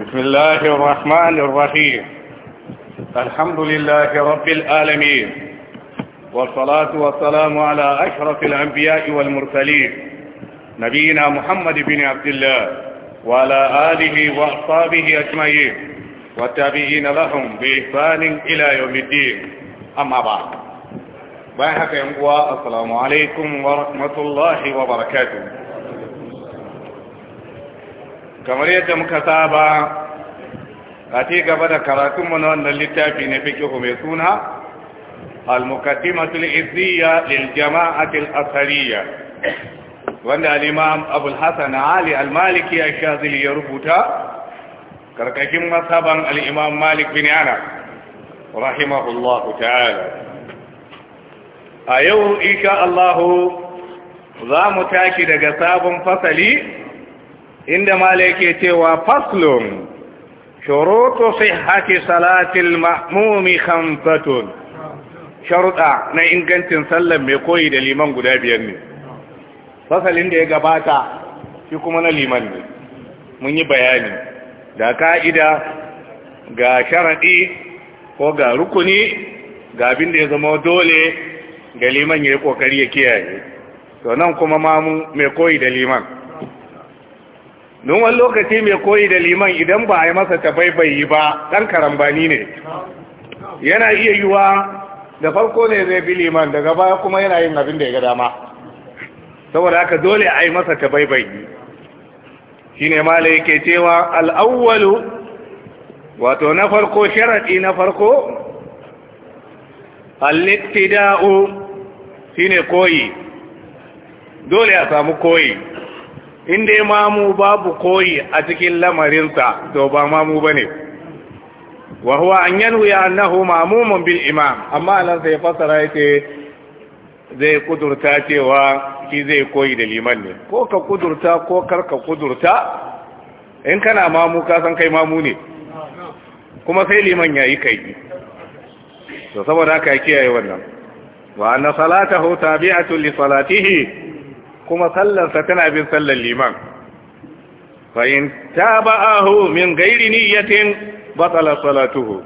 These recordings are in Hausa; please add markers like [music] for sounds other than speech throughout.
بسم الله الرحمن الرحيم الحمد لله رب العالمين والصلاة والسلام على أشرف الأنبياء والمرسلين نبينا محمد بن عبد الله وعلى آله وأصحابه أجمعين والتابعين لهم بإحسان إلى يوم الدين أما بعد السلام عليكم ورحمة الله وبركاته kamar yadda muka saba a ci gaba da karatunmu na wannan littafi na fikihu mai suna al-muqaddimatul izziya lil jama'atil asariya wanda al-imam abul hasan ali al-maliki ash-shazili ya rubuta karkashin masaban al-imam malik bin anas rahimahullahu ta'ala a yau insha Allah za mu tashi daga sabon fasali inda mala ke cewa faslun sai haki salatil ma'mumi khamsatun sharuda na ingancin sallar mai koyi da liman guda biyar ne fasalin da ya gabata shi kuma na liman ne mun yi bayani da ka'ida ga sharaɗi ko ga rukuni ga abin da ya zama dole ga liman ya yi ƙoƙari ya kiyaye to nan kuma mamu mai koyi da liman don wani lokaci mai koyi da liman idan ba a yi masa tabaibayi ba ɗan karambani ne yana iya yiwa da farko ne zai bi liman daga baya kuma yana yin abin da ya ga dama saboda haka dole a yi masa tabaibayi shine mala yake cewa al'awwalu wato na farko sharaɗi na farko al'ittida'u shi shine koyi dole a samu koyi in dai mamu babu koyi a cikin lamarinsa to ba mamu bane wa huwa an ya annahu mamumun bil imam amma nan sai fasara yake zai kudurta cewa shi zai koyi da liman ne ko ka kudurta ko kar kudurta in kana mamu ka san kai mamu ne kuma sai liman ya yi kai to saboda haka kiyaye wannan wa anna salatahu tabi'atun li salatihi kuma sallarsa tana bin sallar liman fa'in ta ba'ahu min gairi niyyatin batsala salatuhu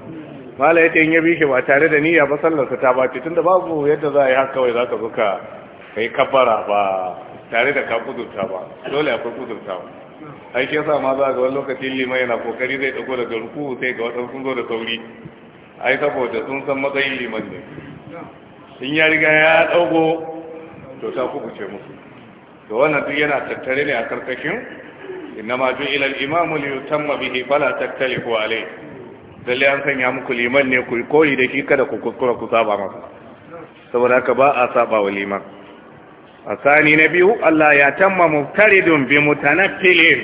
mala yake in ya bi shi ba tare da niyya ba sallansa ta bace tunda babu yadda za a yi haka kawai za ka zuka kai kabbara ba tare da ka kudurta ba dole akwai kudurta ba ai ke sa ma za ga wani lokacin liman yana kokari zai dago daga ruku sai ga wadansu sun zo da sauri ai saboda sun san matsayin liman ne in ya riga ya dago to ta kubuce musu to wannan duk yana tattare ne a karkashin ju ila al imam li yutamma bihi fala taktalifu alayhi dalle an sanya muku liman ne ku koyi da shi kada ku kuskura ku saba masa saboda haka ba a saba wa liman asani na biyu Allah ya tamma muftaridun bi mutanaffilin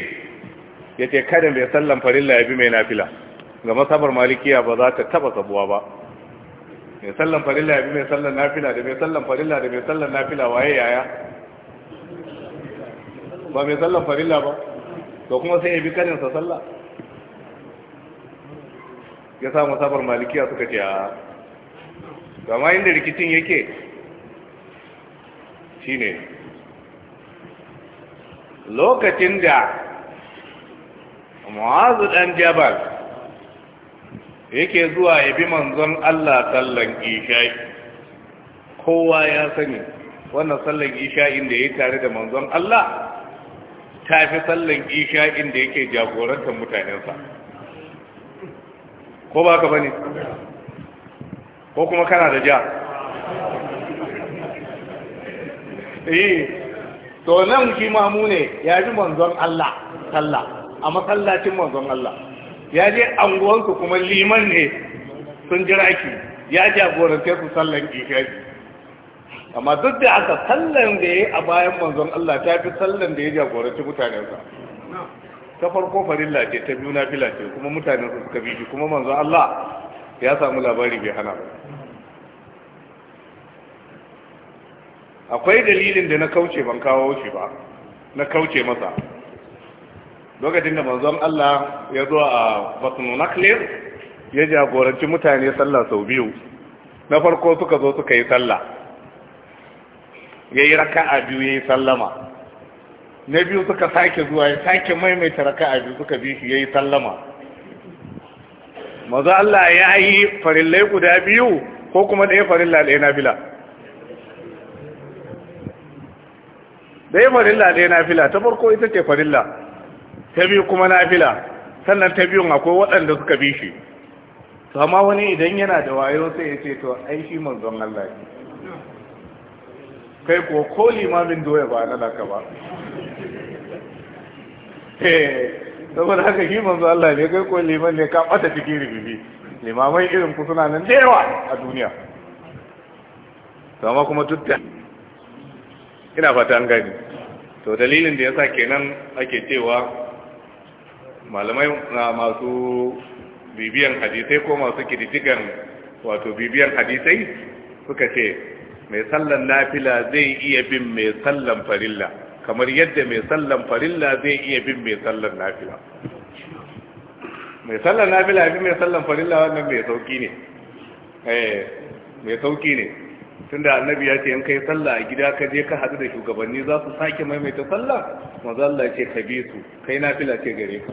yace kada bai sallan farilla ya bi mai nafila ga masabar malikiya ba za ta taba sabuwa ba mai sallan farilla ya bi mai sallan nafila da mai sallan farilla da mai sallan nafila waye yaya ba mai sallan farilla ba to kuma sai ya bi kaninsa sallah ya sa masabar malikiya suka ce a gama inda rikicin yake shine lokacin da mu'azu dan jabal yake zuwa ya bi manzon Allah sallan isha'i kowa ya sani wannan sallan isha'in da ya tare da manzon Allah ta fi sallan isha'in da yake jagorantar mutanensa ko ba ka bane ko kuma kana da ja yi eh, to nan shi mamu ne ya ji manzon Allah sallah a masallacin manzon Allah ya je anguwansu kuma liman ne sun jira ki ya jagorantar su sallan isha'i amma duk da aka sallan da ya a bayan manzon Allah ta fi sallan da ya jagoranci mutanensa ta farko farilla ce ta biyu na fila ce kuma su suka bi shi kuma manzon Allah ya samu labari bai hana ba akwai dalilin da na kauce ban kawo shi ba na kauce masa lokacin da manzon Allah ya zo a batun naklir ya jagoranci mutane sallah sau biyu na farko suka zo suka yi sallah ya yi raka'a biyu ya yi sallama na biyu suka sake zuwa ya sake maimaita raka'a biyu suka bi shi ya yi sallama mazu Allah ya yi farillai guda biyu ko kuma ɗaya farilla ɗaya na fila ɗaya farilla ɗaya na fila ta farko ita ce farilla ta biyu kuma na fila sannan ta biyun akwai waɗanda suka bi shi to amma wani idan yana da wayo sai ya ce to ai shi manzon Allah ne kai ko ko limamin doya ba na laka ba eh, saboda haka shi manzo Allah ne kai ko liman ne ka bata cikin ribibi limamai irin ku suna nan da yawa a duniya amma kuma duk ina fata an gani to dalilin da yasa kenan ake cewa malamai ah, masu bibiyan hadisai ko masu kididigan wato bibiyan hadisai suka ce mai sallan nafila zai iya bin mai sallan farilla kamar yadda mai sallan farilla zai iya bin mai sallan nafila mai sallan nafila bin mai sallan farilla wannan mai sauki ne eh mai sauki ne tunda annabi ya ce in kai sallah a gida ka je ka hadu da shugabanni za su sake maimaita sallah manzo Allah ce ka bi su kai nafila ce gare ka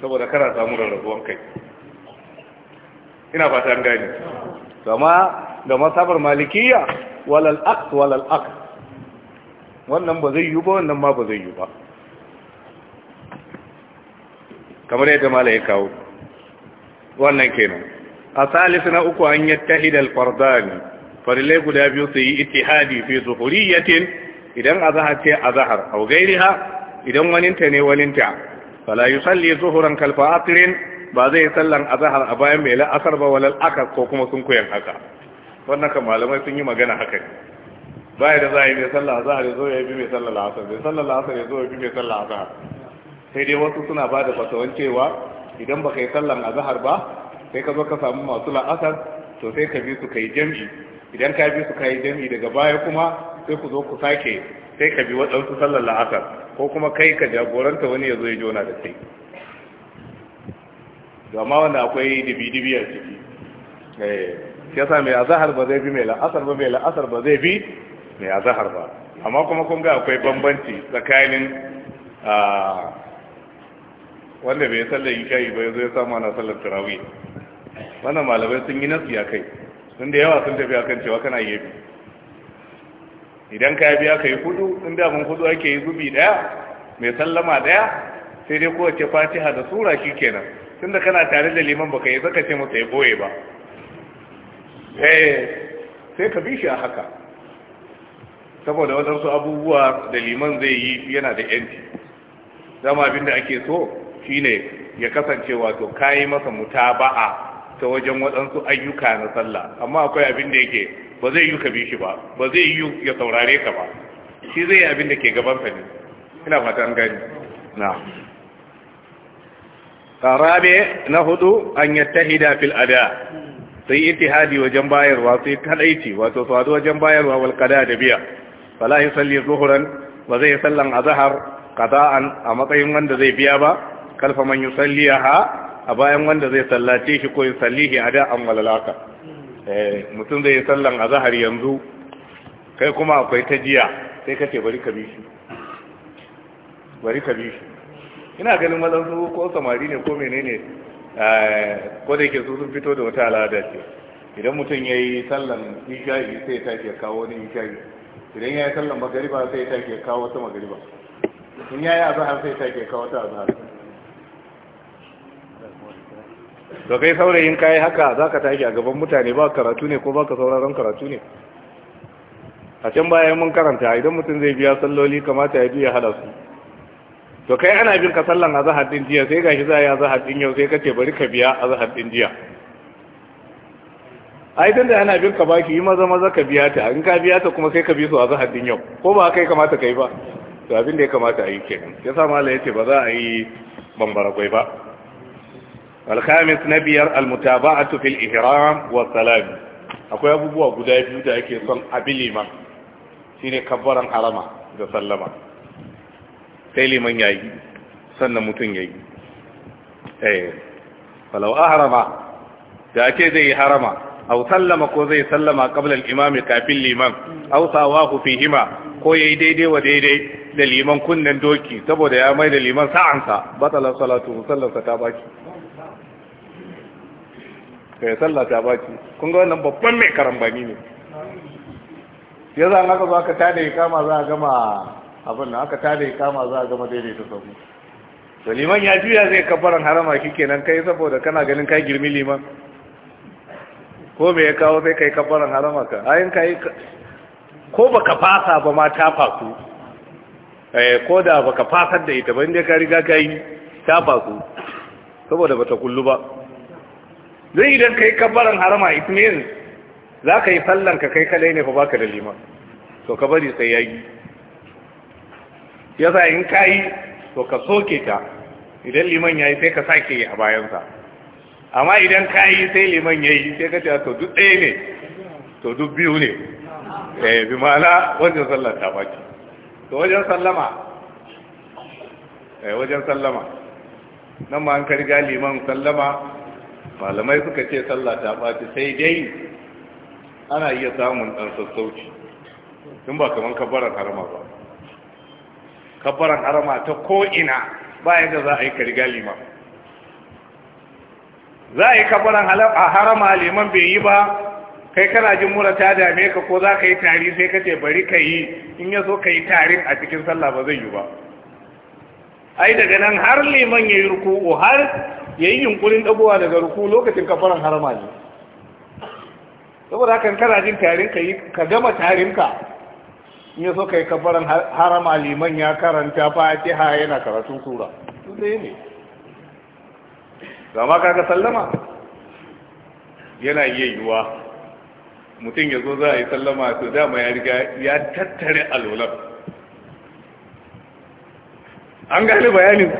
saboda kana samu rarrabuwan kai ina fata an gane kama da masabar malikiya walal aqd walal aqd wannan ba zai yi ba wannan ma ba zai yi ba kamar yadda mala ya kawo wannan kenan a salisu na uku an yattahid al-fardani farilai guda biyu su yi ittihadi fi zuhuriyatin idan azhar ce azhar au gairiha idan waninta ne waninta fala yusalli zuhuran kalfa asirin ba zai sallan azhar a bayan mai la'asar ba walal akar ko kuma sun koyan haka wannan kan malamai sun yi magana haka ya da za a yi mai sallah azhar ya zo ya bi mai sallah la'asar mai sallah la'asar ya zo ya bi mai sallah azhar sai dai wasu suna ba da fatawan cewa idan ba ka yi sallan azahar ba sai ka zo ka samu masu la'asar to sai ka bi su ka yi jam'i idan ka bi su ka yi jam'i daga baya kuma sai ku zo ku sake sai ka bi waɗansu sallar la'asar ko kuma kai ka jagoranta wani ya zo ya jona da kai amma wanda akwai dibi-dibi a ciki eh, ya sa mai azahar ba zai bi mai la'asar ba mai la'asar ba zai bi mai azahar ba amma kuma kun ga akwai bambanci tsakanin wanda bai sallar isha'i ba ya zo ya samu ana sallar tarawih wannan malamai sun yi nasu ya kai sun da yawa sun tafi akan cewa kana yi idan ka yi biya ka yi hudu in da abin hudu ake yi zubi daya mai sallama daya sai dai kowace fatiha da sura kenan. tun da kana tare da liman baka yi zaka ce masa ya boye ba eh sai ka bi a haka saboda wadansu abubuwa da liman zai yi yana da yanci zama abin da ake so shine ya kasance wato kayi masa mutaba'a ta wajen wadansu ayyuka na sallah amma akwai abin da yake ba zai yi ka bi ba ba zai yi ya saurare ka ba shi zai yi abin da ke gaban ne ina fata an gani na rabe na hudu an yattahida fil ada sai ittihadi wajen bayarwa sai kadaici wato sadu wajen bayarwa wal qada da biya fala yusalli zuhran ba zai sallan azhar qada'an a matsayin wanda zai biya ba kalfa man yusalliha a bayan wanda zai sallace shi ko ya sallihi a da'an walalaka eh, mutum zai sallan a yanzu kai kuma akwai ta jiya sai ka ce bari ka bi shi bari ka bi shi ina ganin su ko samari ne ko menene eh, ko da yake su sun fito da wata al'ada ce idan mutum ya yi sallan isha'i sai ta ke kawo wani isha'i idan ya yi sallan magariba sai ta ke kawo wata magariba in ya yi azahar sai ta ke kawo wata azahar da kai saurayin kayi haka za ka tashi a gaban mutane ba karatu ne ko ba ka sauraron karatu ne a can bayan mun karanta idan mutum zai biya salloli kamata ya biya hada su to kai ana bin ka sallan azhar din jiya sai gashi za ya azhar din yau sai kace bari ka biya azhar din jiya ai dan da ana bin ka baki yi maza maza ka biya ta in ka biya ta kuma sai ka bi su azhar din yau ko ba kai kamata kai ba to abin da ya kamata a yi kenan yasa malai yace ba za a yi bambara gwai ba Al-Qaamins al-mutaba'atu fil ihram wa salam akwai abubuwa guda biyu da ake son abilima shine kabbaran harama da sallama sai liman ya yi sannan mutum ya yi eh falau a harama da ake zai yi harama au sallama ko zai sallama kabla imami kafin liman au sawahu hima ko yayi daidai wa daidai da liman kunnen doki saboda ya mai da liman sa'ansa batala salatu musallarsa ta baki kai eh, sallar ta baki kun ga wannan babban mai karambani ne yanzu an haka zo ka tada ya kama za a gama abin na aka tada kama za a gama daidaita sabu to liman ya juya zai kafaran harama kenan kai saboda kana ganin kai girmi liman ko me ya kawo sai kai kafaran harama ka ayin kai ko baka fasa ba ma ta faku eh, ko da baka fasar da ita ba inda ka riga yi ta faku saboda bata kullu ba zai idan kai kafaran harama ismin za ka yi sallan ka kai kalai ne fa ka da liman to ka bari sai ya yi. Ya sa in ka yi to ka soke ta idan liman ya yi sai ka sake yi a bayansa amma idan ka yi sai liman ya yi sai ka ce to duk ɗaya ne to duk biyu ne E, bi ma'ana wajen sallar ta baki to wajen sallama eh wajen sallama nan ma an karga liman sallama malamai suka ce sallah ta baki sai dai ana iya samun ɗan sassauci tun ba kamar kabbarar harama ba kabbaran harama ta ina ba yadda za a yi kariga liman za a yi kabbaran harama liman bai yi ba kai kana jin mura ta dame ka ko za ka yi tari sai ka ce bari ka yi in ya zo ka yi tarin a cikin sallah ba zai yi ba ai daga nan har liman ya yi ruku'u har ya yi yunkurin dabuwa daga ruku lokacin kafaran harama ne saboda hakan kana jin tarin ka yi ka gama tarin ka in ya so kai kafaran harama liman ya karanta fatiha yana karatun sura su zai ne zama kaga sallama yana iya yiwuwa mutum ya zo za a yi sallama su dama ya riga ya tattare alolan an gani bayanin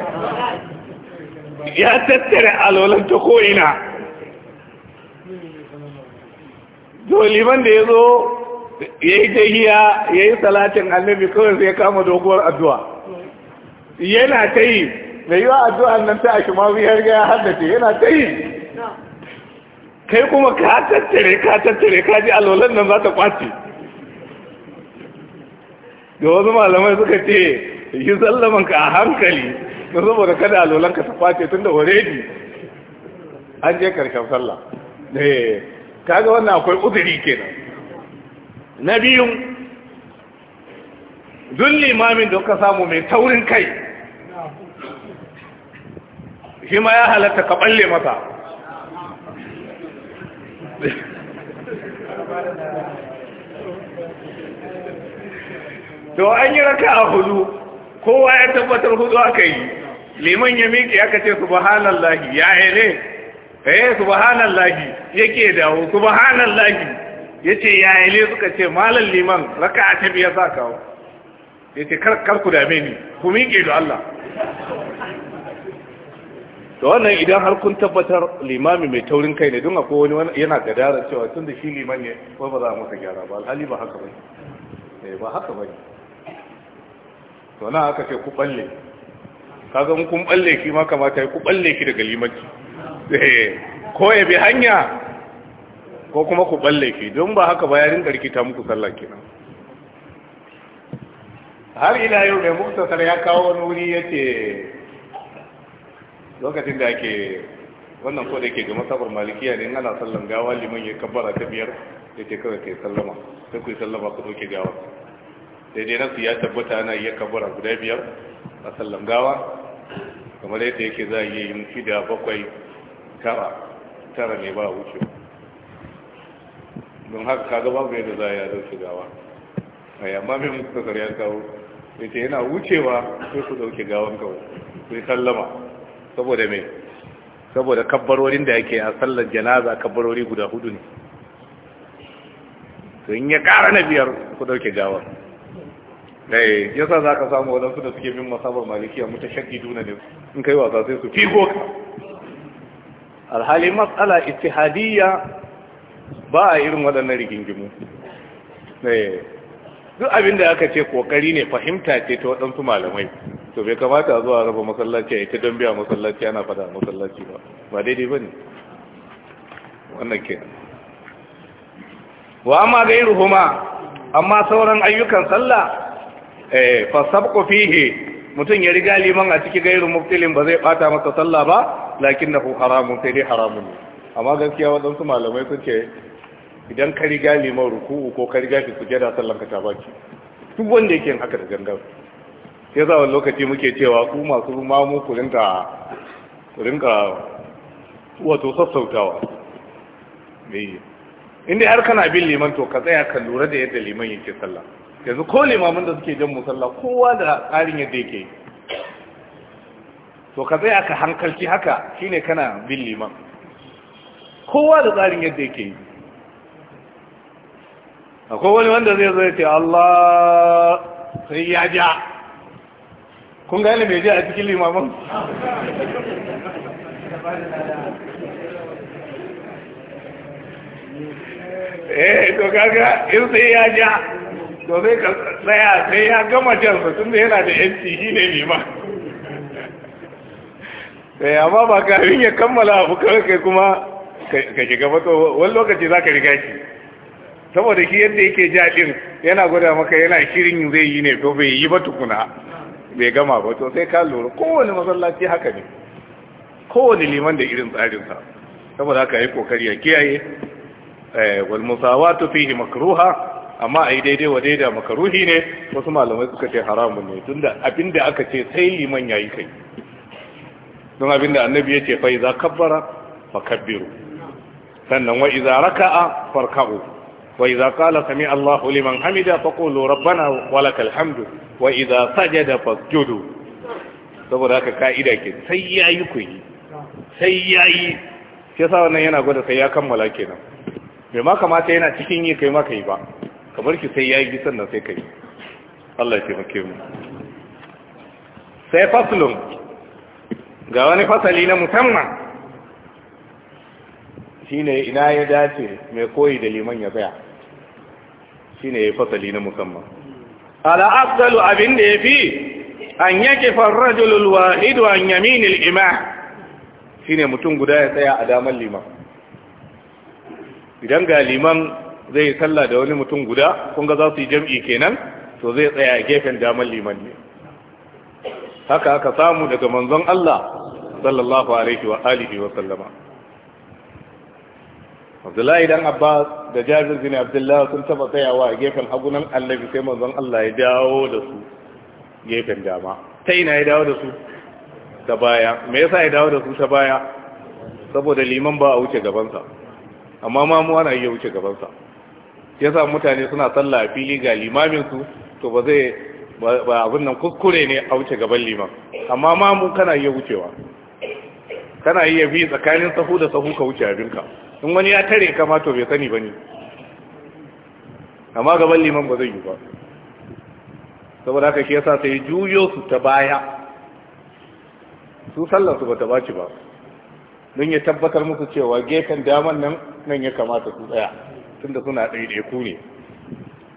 ya tattare alolan ta ko'ina liman da ya zo ya yi tahiya ya yi salatin annabi kawai sai ya kama doguwar addu'a yana ta yi mai wa addu'an nan ta a shi mafi har ya haddace yana ta yi kai kuma ka tattare ka tattare ka ji alwalan nan za ta kwace da wasu malamai suka ce yi sallaman ka a hankali na saboda kada alwalan ka ta kwace tun da ji an je karshen sallah eh, kaga wannan akwai uzuri kenan na biyun duk limamin da ka samu mai taurin kai shi ma ya halatta ka balle masa to an yi raka a hudu kowa ya tabbatar hudu aka yi liman ya miƙe aka ce subhanallahi ya ne eh subhanallahi yake dawo subhanallahi ya ce yayale suka ce malar liman raka a tafiya sa kawo ya ce karku dame ni ku miƙe da Allah da wannan idan har kun tabbatar limami mai taurin kai ne don akwai wani yana gadara cewa tun da shi liman ne ko ba za a masa gyara ba alhali ba haka bai eh ba haka bai to na haka ce ku balle ka mun kun balle ki ma kamata ku balle ki daga limanci eh, ko ya bi hanya ko kuma ku balle ki don ba haka ba yarin karki ta muku sallah kenan har ila yau mai muktasar ya kawo wani wuri yace lokacin da ke wannan ko da yake ga masabar malikiya ne ana sallan gawa liman ya kabbara ta biyar ya ce kawai kai sallama sai ku yi sallama ku ɗauke gawa daidai nasu ya tabbata ana iya kabbara guda biyar a sallan gawa kamar yadda yake za a yi yin fida bakwai tara tara ne ba wucewa don haka kaga babu yadda za a yi dauke gawa a yamma mai mutu ya kawo ya ce yana wucewa sai ku dauke gawan kawo sai sallama saboda mai saboda kabbarorin da yake a sallar janaza kabbarori guda hudu ne to in ya kara na biyar ku dauke gawan ya yasa za ka samu waɗansu da suke bin masabar malikiya mutu shakki duna ne in kai wasa sai su fi goka alhali matsala istihadiyya ba a irin waɗannan rigingimu eh, duk abin da aka ce kokari ne fahimta ce ta waɗansu malamai to bai kamata zuwa raba masallaci a ita don biya masallaci ana fada masallaci ba ba daidai ba ne wannan ke wa amma gairu huma amma sauran ayyukan sallah eh fa sabqu fihi mutum ya riga liman a ciki gairu muftilin ba zai bata masa sallah ba lakinnahu haramun sai dai haramun ne amma gaskiya waɗansu malamai suke idan ka riga liman ruku'u ko ka riga fi da sallan ka ta baki duk wanda yake haka da gangan sai za lokaci muke cewa ku masu mamu ku rinka rinka wato sassautawa dai inda har kana bin liman to ka tsaya ka lura da yadda liman yake sallah yanzu ko limamin da suke jan musalla kowa da tsarin yadda yake to ka tsaya ka hankalci haka shine kana bin liman kowa da tsarin yadda yake yi a wani wanda zai zai ce Allah sai ya ja kun gane mai ja a cikin limamin eh to kaga in sai ya ja to zai ka tsaya sai ya gama jansa tun da yana da yanci shi ne nema sai eh, amma ba kafin ya kammala abu kawai kai kuma ka shiga mato wani lokaci za ka riga shi saboda shi yadda yake jaɗin yana gwada maka yana shirin zai yi ne to bai yi ba tukuna bai gama ba to sai ka lura kowane masallaci haka ne kowane liman da irin tsarinsa saboda haka yi kokari ya kiyaye eh, wal musawatu fihi makruha amma a yi daidai wa daida makaruhi ne wasu malamai suka ce haramun ne tunda abinda aka ce sai liman yayi kai don abinda annabi ya ce fa iza kabbara fa kabbiru sannan wa idza raka'a farka'u wa idza qala sami Allahu liman hamida faqulu rabbana lakal hamdu wa idza sajada fasjudu saboda haka ka'ida ke sai yayi ku yi sai yayi sai sa wannan yana gwada sai ya kammala kenan bai ma kamata yana cikin yi kai ma kai ba kamar ki sai yayi sannan sai kai Allah ya taimake mu sai faslun ga wani fasali na musamman shine ina ya dace mai koyi da liman ya Shi shine ya fasali na musamman ala afdalu abin da yafi an yake farrajul alwahid an yamin al-imam shine mutum guda ya tsaya a daman liman idan ga liman zai sallah da wani mutum guda kun ga za su yi jam'i kenan to zai tsaya a gefen daman liman ne haka aka samu daga manzon Allah sallallahu alaihi wa alihi wa sallama abdullahi dan abbas da jabir bin abdullahi sun taba tsayawa a gefen hagunan annabi sai manzon Allah ya dawo da su gefen dama ta ina ya dawo da su ta baya me yasa ya dawo da su ta baya saboda liman ba a wuce gabansa amma ma mu ana iya wuce gabansa yasa mutane suna sallah a fili ga limamin su to ba zai ba abin nan kuskure ne a wuce gaban liman amma ma mu kana iya wucewa kana iya bi tsakanin sahu da sahu ka wuce abinka in wani ya tare ka mato bai sani ba ne amma gaban liman ba zai yi ba saboda haka shi yasa sai juyo su ta baya su sallar su bata baci ba don ya tabbatar musu cewa gefen daman nan nan ya kamata su tsaya tunda suna ɗaiɗaiku ne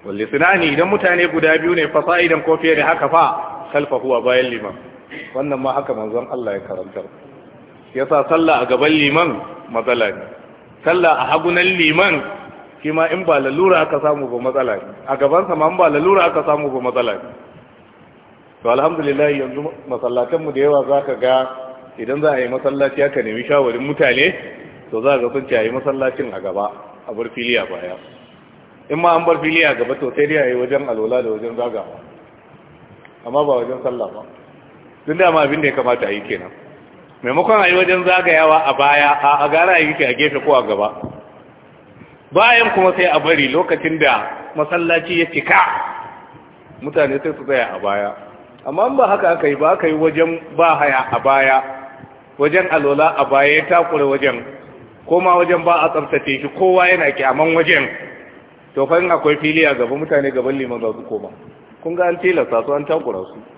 walle sinani idan mutane guda biyu ne fa idan ko fiye da haka fa kalfa huwa bayan liman wannan ma haka manzon Allah ya karantar yasa sallah a gaban liman matsala ne sallah a hagunan liman shi ma in ba lalura aka samu ba matsala ne a gabansa ma in ba lalura aka samu ba matsala ne to alhamdulillah yanzu mu da yawa za ka ga idan za a yi masallaci aka nemi shawarin mutane to za ga sun ci a yi masallacin a gaba a bar fili a baya in ma an bar fili a gaba to sai dai a yi wajen alola da wajen zagawa amma ba wajen sallah ba tun da ma abin da ya kamata a yi kenan maimakon a yi wajen zagayawa a baya a gara yi a gefe ko a gaba bayan kuma sai a bari lokacin da masallaci ya cika mutane sai su tsaya a baya amma ba haka aka yi ba aka yi wajen ba haya a baya wajen alola a baya ya takura wajen koma wajen ba a tsabtace shi kowa yana kyaman wajen to akwai fili a gaba mutane gaban liman za su koma kun ga an tilasta su an takura su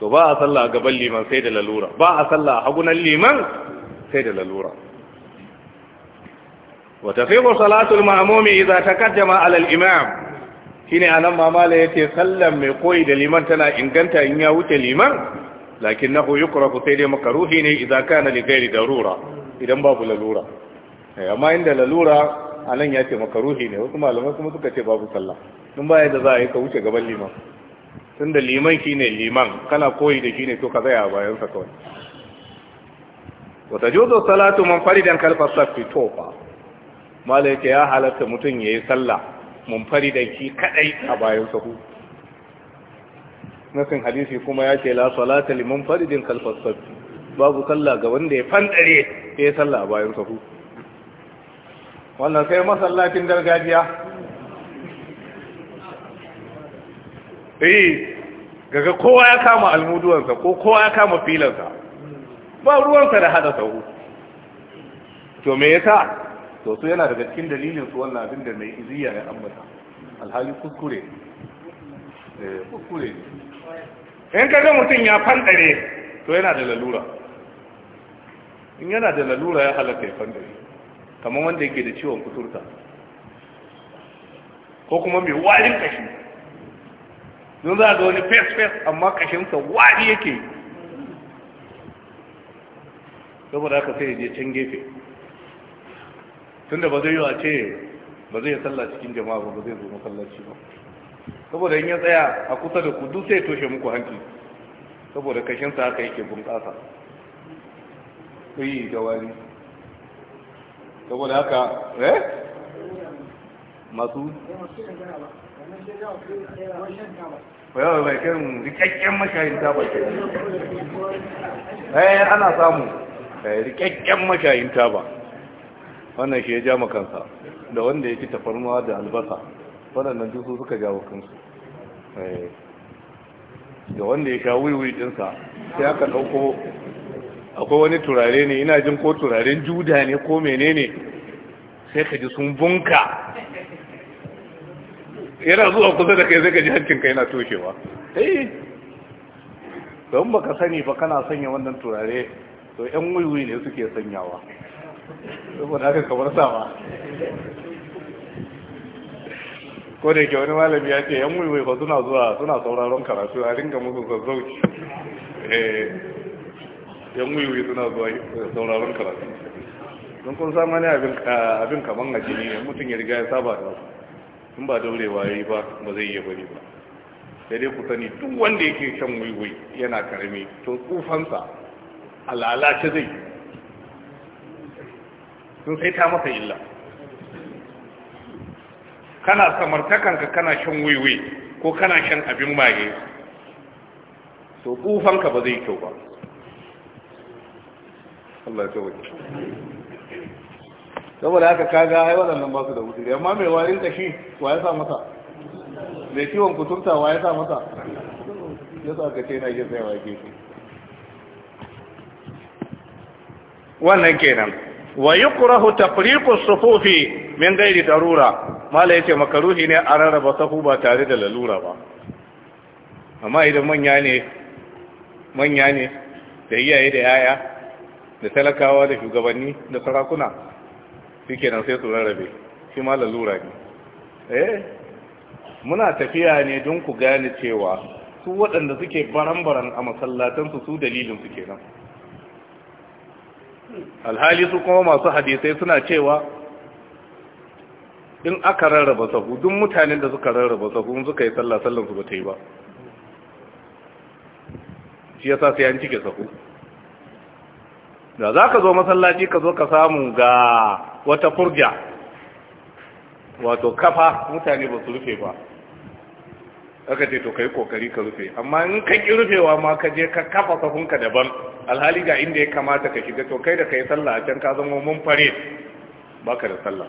to ba a sallah a gaban liman sai da lalura ba a sallah a hagunan liman sai da lalura wa tafiqu salatul ma'mumi idza taqaddama ala al-imam shine anan mamala yace sallan mai koyi da liman tana inganta in ya wuce liman Lakin lakinnahu yukrahu sai dai makruhi ne idza kana li ghairi darura idan babu lalura eh, amma inda lalura anan ya ce makaruhi ne wasu malamai kuma suka ce babu sallah dun baya da za a yi ka wuce gaban liman tun da liman shi ne liman kana koyi da shi ne to ka zaya bayansa kawai wata juzo salatu man faridan kalfar safi tofa fa yake ya halatta mutum ya yi sallah mun faridan shi kadai a bayan sahu nasin hadisi kuma ya ce la salata liman faridin kalfar safi babu sallah ga wanda ya fandare ya yi sallah a bayan sahu wannan sai masallacin gargajiya eh gaga kowa ya kama almuduwansa ko kowa ya kama filansa ba ruwansa da hada sahu to me yasa to su yana daga cikin dalilin su wannan abin da mai iziya ya ambata alhali kuskure eh kuskure in kaga mutum ya fandare to yana da lalura in yana da lalura ya halaka ya fandare kamar wanda yake da ciwon kuturta ko kuma mai warin kashi don za ga wani fes-fes amma kashinsa wari yake saboda haka sai je can gefe tunda ba zai yi a ce ba zai sallah cikin jama'a ba ba zai zo masallaci ba saboda in ya tsaya a kusa da kudu sai toshe muku hanci saboda kashinsa haka yake bunƙasa sai yi wari saboda haka eh masu yawon bai kai rikakken mashayin taba ke eh ana samu eh, rikakken mashayin taba wannan shi ya ja makansa da wanda ya ci tafarnuwa da albasa waɗannan dusu suka ja makansu eh, da wanda ya sha wiwi ɗinsa sai aka ɗauko akwai wani turare ne ina jin ko turaren juda ne ko menene sai ka ji sun bunka yana zuwa kusa da kai sai ka ji hankinka yana tushewa. eh don baka sani ba kana sanya wannan turare to yan wuyi ne suke sanyawa saboda haka kamar sama. ko da yake wani malami ya ce yan wuyi ba suna zuwa suna sauraron karatu a ringa musu sassauci yan eh, wuyi suna zuwa sauraron karatu don kun samani abin kamar a jini mutum ya riga ya saba da wasu in ba daurewa yi ba ba zai iya bari ba Da dai ku sani duk wanda yake shan wiwi yana karami to tsufansa alala ta zai sun sai ta masa illa kana samartakanka kana shan wiwi ko kana shan abin maye to tsufanka ba zai kyau ba Allah ya saboda haka kaga ai waɗannan ba su da wuturi amma mai warin tashi wa ya sa masa mai kiwon kuturta wa ya sa masa ya sa ka ce na ke tsayawa ke shi wannan kenan wa yukrahu tafriqu sufufi min ghairi darura mala yace makaruhi ne a rarraba sahu ba tare da lalura ba amma idan manya ne manya ne da iyaye da yaya da talakawa da shugabanni da sarakuna shi nan sai su rarrabe shi ma lalura ne eh muna tafiya ne don ku gane cewa su waɗanda suke baran-baran a masallatansu su dalilin su kenan alhali su kuma masu hadisai suna cewa in aka rarraba sahu duk mutanen da suka rarraba sahu suka yi sallah sallan su ba ta yi ba shi yasa sai an cike sahu da za ka zo masallaci ka zo ka samu ga wata furja wato kafa mutane ba su rufe ba aka ce to kai kokari ka rufe amma in ka ki rufewa ma ka je ka kafa kafunka daban alhali ga inda ya kamata ka shiga to kai da kai sallah a can ka zama mun fare baka da sallah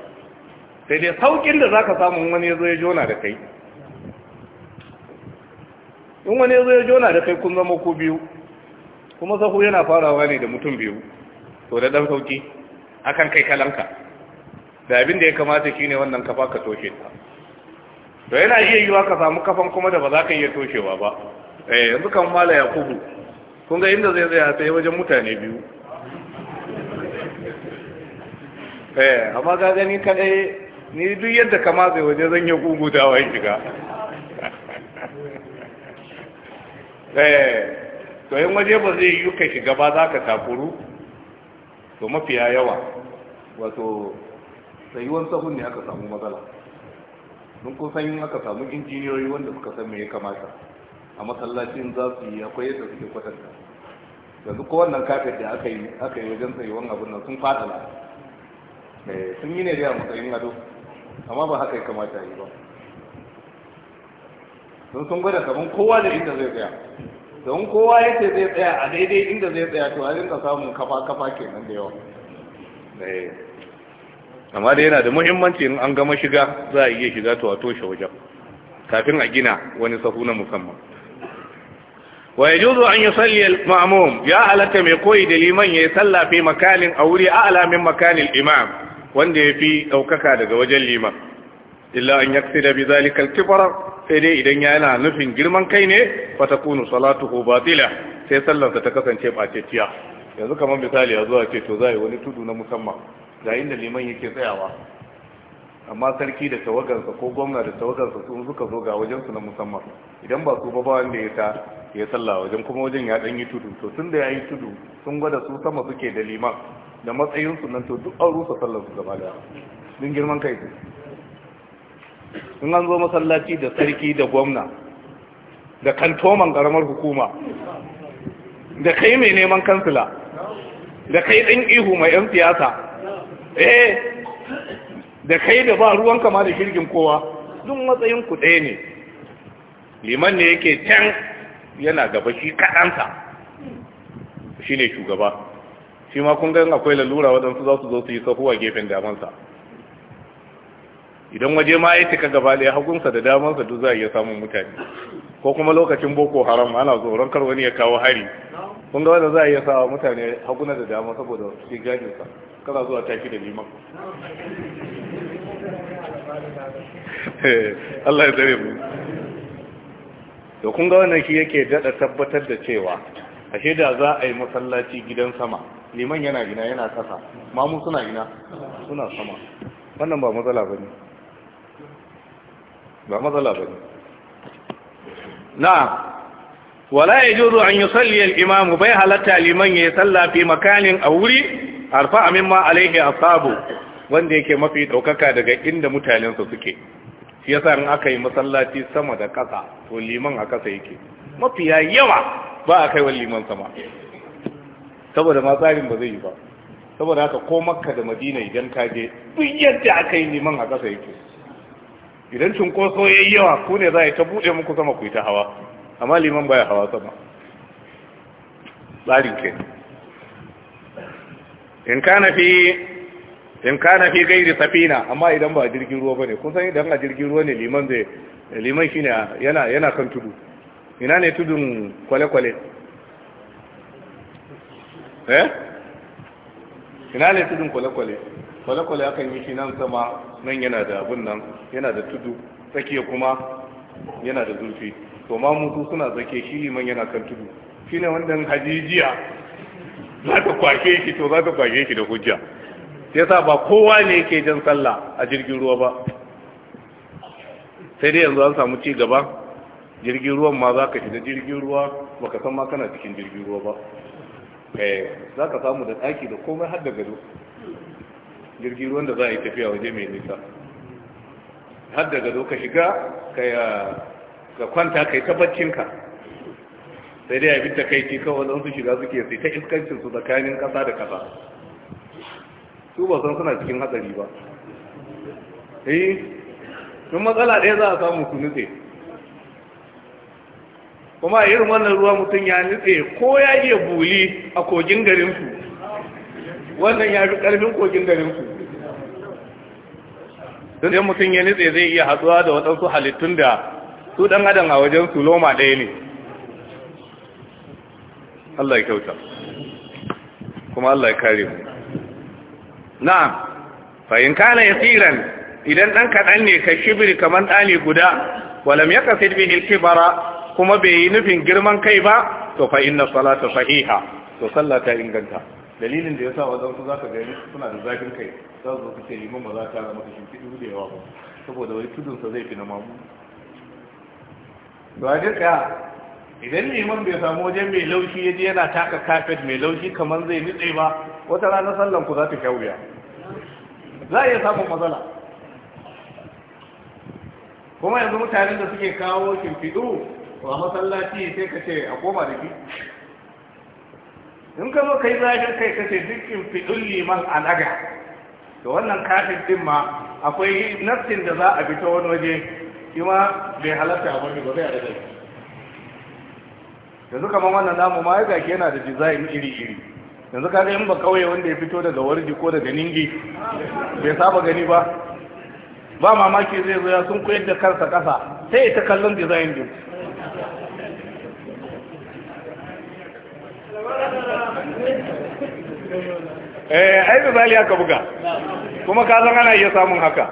sai dai saukin da zaka samu wani yazo ya jona da kai in wani yazo ya jona da kai kun zama ku biyu kuma sahu yana farawa ne da mutum biyu to da dan sauki akan kai kalanka da abin da ya kamata shi ne wannan kafa ka toshe ta to yana iya yiwa ka samu kafan kuma da ba za ka iya toshewa ba eh yanzu kan mala yakubu kun ga inda zai zai sai wajen mutane biyu eh amma ga gani dai ni duk yadda kama zai waje zan yi da ya shiga [laughs] eh to yin waje ba zai yi ka shiga ba za ka takuru to mafiya yawa wato tsayuwan sahun ne aka samu matsala don kun san aka samu injiniyoyi wanda suka san me ya kamata a masallacin za su yi akwai yadda suke kwatanta yanzu ko wannan kafet da aka yi aka yi wajen tsayuwan abin nan sun fadala eh, sun yi ne da matsayin ado amma ba haka ya kamata yi ba don sun gwada kaman kowa da inda zai tsaya don kowa ya ce zai tsaya a daidai inda zai tsaya to a rinka samun kafa kafa kenan da yawa eh. amma da yana da muhimmanci in an gama shiga za a iya shiga to a toshe wajen kafin a gina wani sahu na musamman wa ya juzo an yi salli ma'amun ya halatta mai koyi da liman ya yi tallafi makalin a wuri a min makalin imam wanda ya fi ɗaukaka daga wajen liman illa an yi da bi zalikal kifarar sai dai idan yana nufin girman kai ne fa salatu salatuhu batila sai sallarsa ta kasance bacecciya yanzu kamar misali ya zuwa ce to zai wani tudu na musamman ga inda liman yake tsayawa amma sarki da tawagarsa ko gwamna da tawagarsa sun suka zo ga wajensu na musamman idan ba su ba ba wanda ya ta ya salla wajen kuma wajen ya dan yi tudu to tun da ya yi tudu sun gwada su sama suke da liman da matsayinsu nan to duk an sallar su gaba daya din girman kai in an zo masallaci da sarki da gwamna da kantoman karamar hukuma da kai mai neman kansila da kai ɗan ihu mai yan siyasa eh da kai da ba ruwan kama da shirgin kowa duk matsayin ku ɗaya ne liman ne yake can yana gaba shi kaɗansa shi ne shugaba shi ma kun gan akwai lalura waɗansu za su zo su yi sahuwa gefen damansa idan waje ma ya cika gaba ɗaya hagunsa da damansa duk za a iya samun mutane ko kuma lokacin boko haram ana tsoron kar wani ya kawo hari kun ga wanda za a iya sa mutane haguna da dama saboda shi gajinsa kana zuwa tafi da liman [laughs] Allah ya zare mu to kun ga wannan shi yake dada tabbatar da cewa ashe da za a yi masallaci gidan sama liman yana gina yana kasa mamu suna gina suna sama wannan ba matsala bane ba matsala ba ne na wala ya juru an yi salliyar imamu bai halatta liman ya yi sallafi makanin a wuri harfa amin ma alaihi asabu wanda yake mafi ɗaukaka daga inda mutanensa suke shi ya in aka yi masallaci sama da ƙasa to liman a ƙasa yake mafi yawa ba a kai wani liman sama saboda ma tsarin ba zai yi ba saboda haka ko makka da madina idan ka je duk yadda aka yi liman a ƙasa yake idan cunkoso ya yi yawa ku ne za a yi ta buɗe muku sama ku yi ta hawa amma liman baya hawa sama tsarin ke in kana fi in kana fi gairi safina amma idan ba a jirgin ruwa ba ne, kun san idan a jirgin ruwa ne liman zai liman shine yana yana kan tudu ina ne tudun kwale-kwale eh ina ne tudun kwale-kwale kwale-kwale akan yi shi nan sama nan yana da abin nan yana da tudu tsakiya kuma yana da zurfi to ma mutu suna tsake shi liman yana kan tudu shi ne wannan hajijiya za ta kwashe shi to za ta kwashe shi da hujja sai sa ba kowa ne yake jan sallah a jirgin ruwa ba sai dai yanzu an samu ci gaba jirgin ruwan ma za ka shiga jirgin ruwa baka san ma kana cikin jirgin ruwa ba eh, za ka samu da ɗaki da komai har da gado jirgin ruwan da za a yi tafiya waje mai nisa har daga zo ka shiga ka kwanta kai ta ka. sai dai abin da kai kawai don su shiga suke sai ta iskancin su tsakanin kasa da kasa su ba san suna cikin hatsari ba eh tun matsala ɗaya za a samu su nutse kuma a irin wannan ruwa mutum ya nutse ko ya iya buli a kogin garinsu wannan ya fi ƙarfin kogin garinsu don yan mutum ya nitse zai iya haduwa da waɗansu halittun da su ɗan adam a wajen su loma ɗaya ne Allah ya kyauta kuma Allah ya kare mu na'am fa in kana yasiran idan ɗan kaɗan ne ka shibiri kamar ɗani guda walam ya kasid bihi kibara kuma bai yi nufin girman kai ba to fa inna salata sahiha to sallah ta inganta dalilin da yasa wadansu zaka gani suna da zafin kai za su kace liman ba za ta ga shi shimfiɗu da yawa ba saboda wani tudunsa zai fi na mamu ba duka idan liman bai samu waje mai laushi ya je yana taka kafet mai laushi kamar zai nutse ba wata rana sallan ku za ta kyauya za a iya samun matsala kuma yanzu mutanen da suke kawo shimfiɗu a masallaci sai ka ce a koma da in ka zo yi zafin kai ka ce dukkin fiɗin liman alaga to wannan kafin din ma akwai nafsin da za a bi ta wani waje shi ma bai halatta a wani ba zai a yanzu kamar wannan namu ma ya gaki yana da dizayin iri-iri yanzu ka ga in ba kauye wanda ya fito daga warji ko daga ningi bai saba gani ba ba mamaki zai zo ya sun koyar da kansa kasa sai ita kallon dizayin din Thank you. eh ai misali aka buga kuma ka san ana iya samun haka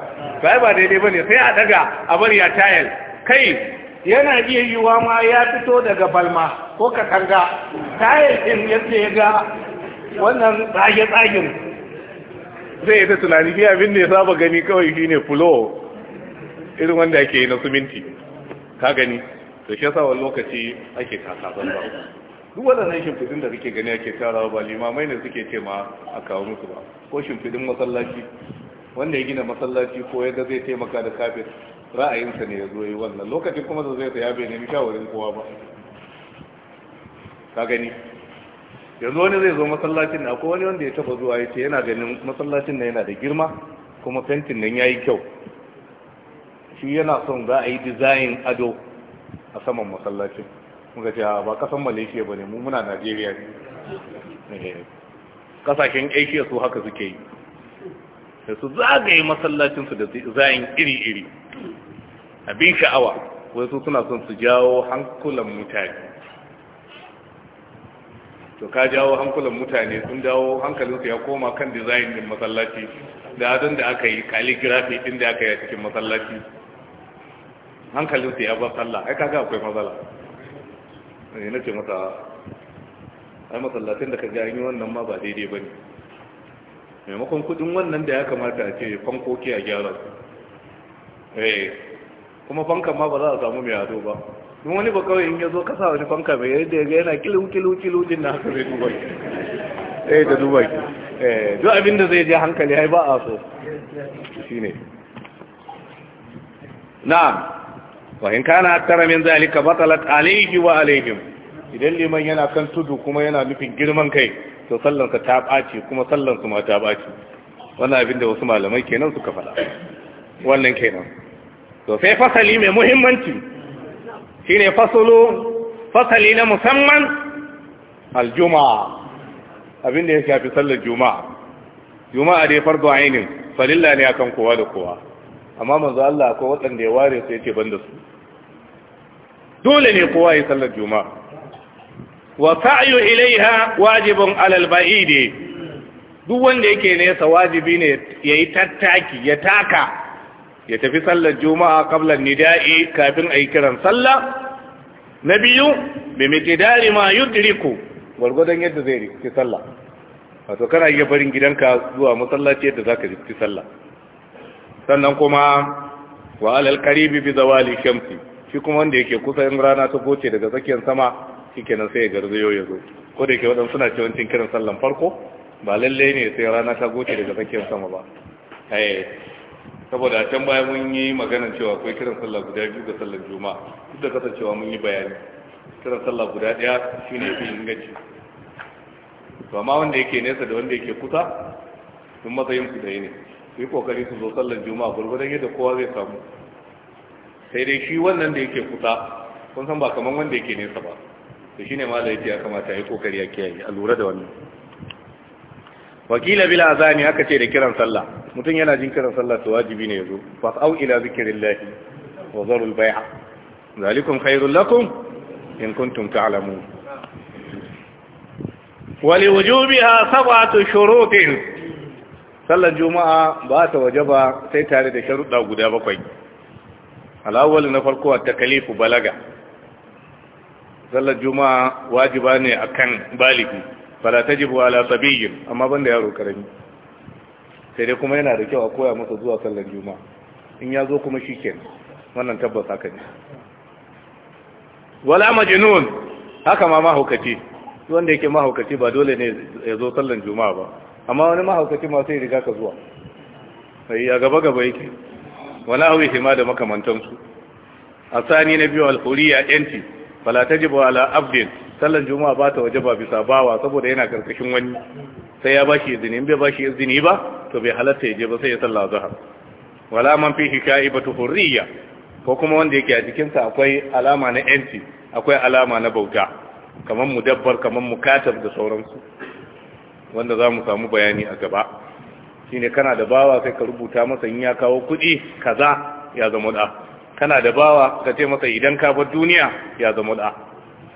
sai ba daidai bane sai a daga a bari ya tayal kai yana iya yiwuwa ma ya fito daga balma ko katanga tayal din yadda ya ga wannan tsage-tsagen zai ta tunani biya abin da ya saba gani kawai shine fulo irin wanda ake yi na suminti ka gani to shi yasa wani lokaci ake kasa zan ba duk waɗannan shimfidin da suke gani ake tarawa ba limamai ne suke ce ma a kawo musu ba ko shimfidin masallaci wanda ya gina masallaci ko yadda zai taimaka da kafin ra'ayinsa ne ya zo yi wannan lokacin kuma da zai saya bai nemi shawarin kowa ba ka gani yanzu wani zai zo masallacin na akwai wani wanda ya taba zuwa ya ce yana ganin masallacin na yana da girma kuma fentin nan ya yi kyau shi yana son za a yi dizayin ado a saman masallacin muka ce ba kasan malaysia ba ne mu muna najeriya ne kasashen eh, asia su haka suke yi da su zagaye masallacinsu da zayin iri-iri abin sha'awa wasu suna son su jawo hankulan mutane to ka jawo hankulan mutane sun jawo hankalinsu ya koma kan dizayin din masallaci da adon da aka yi calligraphy din da aka yi a cikin masallaci hankalinsu ya ba sallah ai kaga akwai matsala ne eh, na ce mata? ai masallatin da ka ga yi wannan ma ba daidai ba ne maimakon kudin wannan da ya kamata a ce fankoki a gyara su eh kuma fankan ma ba za a samu mai ado ba don wani ba kawai in ya zo kasa wani fanka mai yadda ya ga yana kilu kilu kilu din na haka zai duba ki eh da duba ki eh duk abin da zai je hankali ai ba a so shine na'am wahin in kana akthara min zalika batalat alayhi wa alayhim idan liman yana kan tudu kuma yana nufin girman kai to sallansa ta ɓaci kuma sallansu ma ta ɓaci wannan abin da wasu malamai kenan suka faɗa wannan kenan to sai fasali mai muhimmanci shine fasalo fasali na musamman aljuma'a abin da ya shafi sallar juma'a juma'a dai fardu ainin falilla ne akan kowa da kowa amma manzo Allah akwai waɗanda ya ware su yake banda su dole ne kowa ya sallar juma'a wa sa'yu ilaiha wajibun alal ba'idi duk wanda yake nesa wajibi ne yayi tattaki ya taka ya tafi sallar juma'a qabla nida'i kafin ayi kiran sallah nabiyu biyu bi mitidari ma yudriku yadda zai rikici sallah wato kana iya barin gidanka zuwa masallaci yadda zaka rikici sallah sannan kuma wa alal qaribi bi zawali shamsi shi kuma wanda yake kusa in rana ta goce daga tsakiyar sama shikenan sai ya garzayo ya zo ko da yake wadan suna cewa cin kiran sallan farko ba lalle ne sai rana ta goce daga tsakiyar sama ba eh saboda a can baya mun yi magana cewa akwai kiran sallah guda biyu ga sallar juma'a duk da kasancewa mun yi bayani kiran sallah guda daya shine fi inganci to amma wanda yake nesa da wanda yake kusa sun matsayin su da ne su yi kokari su zo sallan juma'a gurgudan yadda kowa zai samu sai dai shi wannan da yake kusa kun san ba kaman wanda yake nesa ba to shine malai yake ya kamata yi kokari ya kiyaye a lura da wannan wakila bil azani aka ce da kiran sallah mutum yana jin kiran sallah to wajibi ne yazo fas'au ila zikrillahi wa zarul bai'a zalikum khairul lakum in kuntum ta'lamun ولوجوبها سبعة شروط sallar juma'a ba ta waje ba sai tare da sharuɗa guda bakwai al'awwal na farko a takalifu balaga sallar juma'a wajiba ne akan baligi ta tajibu ala sabiyyin amma ban da yaro karami sai dai kuma yana da kyau a koya masa zuwa sallar juma'a in ya zo kuma shi ke wannan tabbas haka ne wala majinun haka ma mahaukaci wanda yake mahaukaci ba dole ne ya zo sallar juma'a ba amma wani mahaukaci masu yi riga ka zuwa sai a gaba gaba yake wala hawi ma da makamantansu a sani na biyu alhuriya yanci ta tajibu ala abdin sallan juma'a ba ta waje ba bisa bawa saboda yana karkashin wani sai ya bashi izini in bai bashi izini ba to bai halatta ya je ba sai ya salla zahar wala man fihi hikaibatu hurriya ko kuma wanda yake a sa akwai alama na yanci akwai alama na bauta kaman mudabbar kamar mukatab da sauransu wanda za mu samu bayani a gaba Shi ne kana da bawa sai ka rubuta masa in ya kawo kudi, kaza ya zama da kana da bawa ka ce masa idan ka bar duniya ya zama da